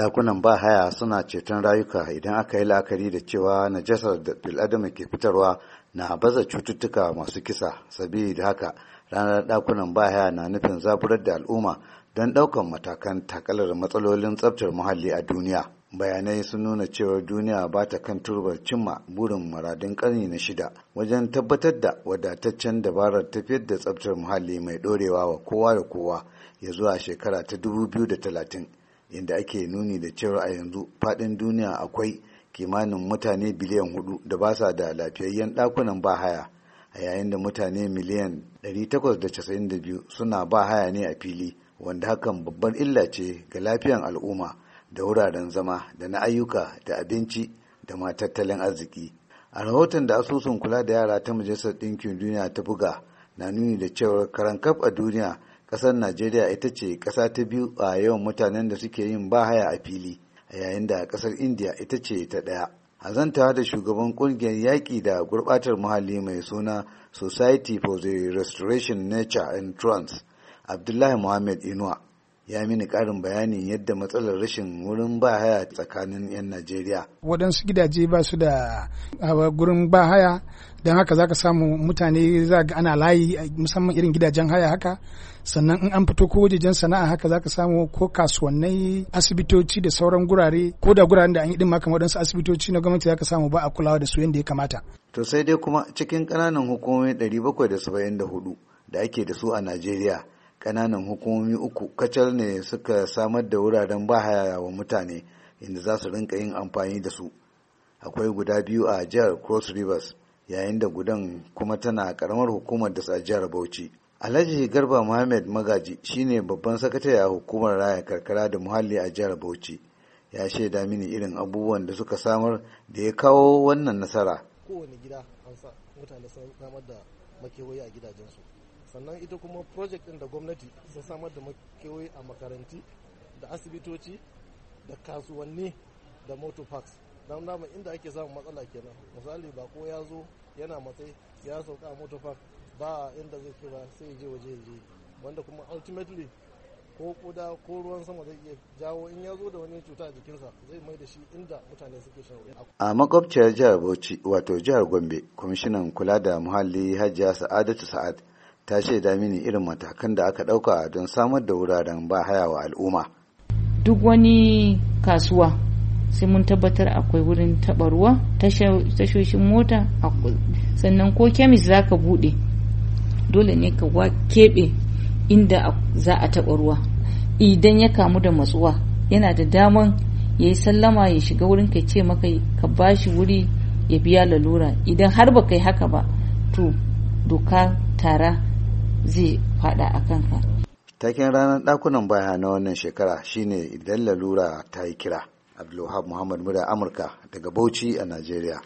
dakunan ba haya suna ceton rayuka idan aka yi la'akari da cewa najasar da bil'adama ke fitarwa na baza cututtuka masu kisa sabili da haka ranar dakunan ba haya na nufin zaburar da al'umma don daukan matakan takalar matsalolin tsabtar muhalli a duniya bayanai sun nuna cewa duniya ba ta kan turbar cimma burin maradin karni na shida wajen tabbatar da wadataccen dabarar tafiyar da tsabtar muhalli mai ɗorewa wa kowa da kowa ya zuwa shekara ta 2030 inda ake nuni da cewa a yanzu faɗin duniya akwai kimanin mutane biliyan hudu da ba sa da lafiyayyen ɗakunan haya, a yayin da mutane miliyan 892 suna ba haya ne a fili wanda hakan babbar illa ce ga lafiyan al'umma da wuraren zama da na ayyuka da abinci da ma tattalin arziki a rahoton da asusun kula da yara ta majalisar ɗinkin duniya ta buga na nuni da cewar karankaf a duniya ƙasar najeriya ita ce ƙasa ta biyu a yawan mutanen da suke yin bahaya a fili a yayin da ƙasar india ita ce ta ɗaya a zantawa da shugaban ƙungiyar yaƙi da gurɓatar muhalli mai suna society for the restoration nature and trance abdullahi muhammad inuwa ya mini karin bayanin yadda matsalar rashin wurin ba haya tsakanin 'yan Najeriya. Waɗansu gidaje ba su da gurin haya don haka za ka samu mutane za ga ana layi musamman irin gidajen haya haka sannan in an fito ko wajejen sana'a haka za ka samu ko kasuwannai asibitoci da sauran gurare ko da guraren da an yi din maka waɗansu asibitoci na gwamnati za ka samu ba a kulawa da su yadda ya kamata. To sai dai kuma cikin ƙananan hukumomi 774 da ake da su a Najeriya ƙananan hukumomi uku kacal ne suka samar da wuraren bahaya wa mutane inda za su rinka yin amfani da su akwai guda biyu a jihar cross rivers yayin da gudan kuma tana karamar hukumar da a jihar bauchi alhaji garba muhammad magaji shine babban sakatare a hukumar raya karkara da muhalli a jihar bauchi ya shaida mini irin abubuwan da suka samar da ya kawo wannan nasara kowane gida an da makewayi a gidajensu sannan ita kuma project din da gwamnati sun samar da makewai a makaranti da asibitoci da kasuwanni da motor parks don dama inda ake samun matsala kenan misali ko ya zo yana matsayi ya sauka a motor park ba inda zai kira sai je waje je wanda kuma ultimately ko kuda ko ruwan sama zai iya jawo in ya zo da wani cuta a jikinsa zai mai da shi inda mutane suke shan a makwabciyar jihar bauchi wato jihar gombe kwamishinan kula da muhalli hajiya sa'adatu sa'ad ta shaida mini irin matakan da aka ɗauka don samar da wuraren ba haya wa al'umma. Duk wani kasuwa sai mun tabbatar akwai wurin taɓa ruwa tashoshin mota sannan ko kemis za ka buɗe dole ne ka wa keɓe inda za a taɓa ruwa idan ya kamu da matsuwa yana da daman ya yi sallama ya shiga wurin ka ce maka ka bashi wuri ya biya lalura idan har ba kai haka ba to doka tara zai fada a kanka taken ranar dakunan baya na wannan shekara shine idan lalura ta yi kira abdulwahab muhammad murya amurka daga bauchi a najeriya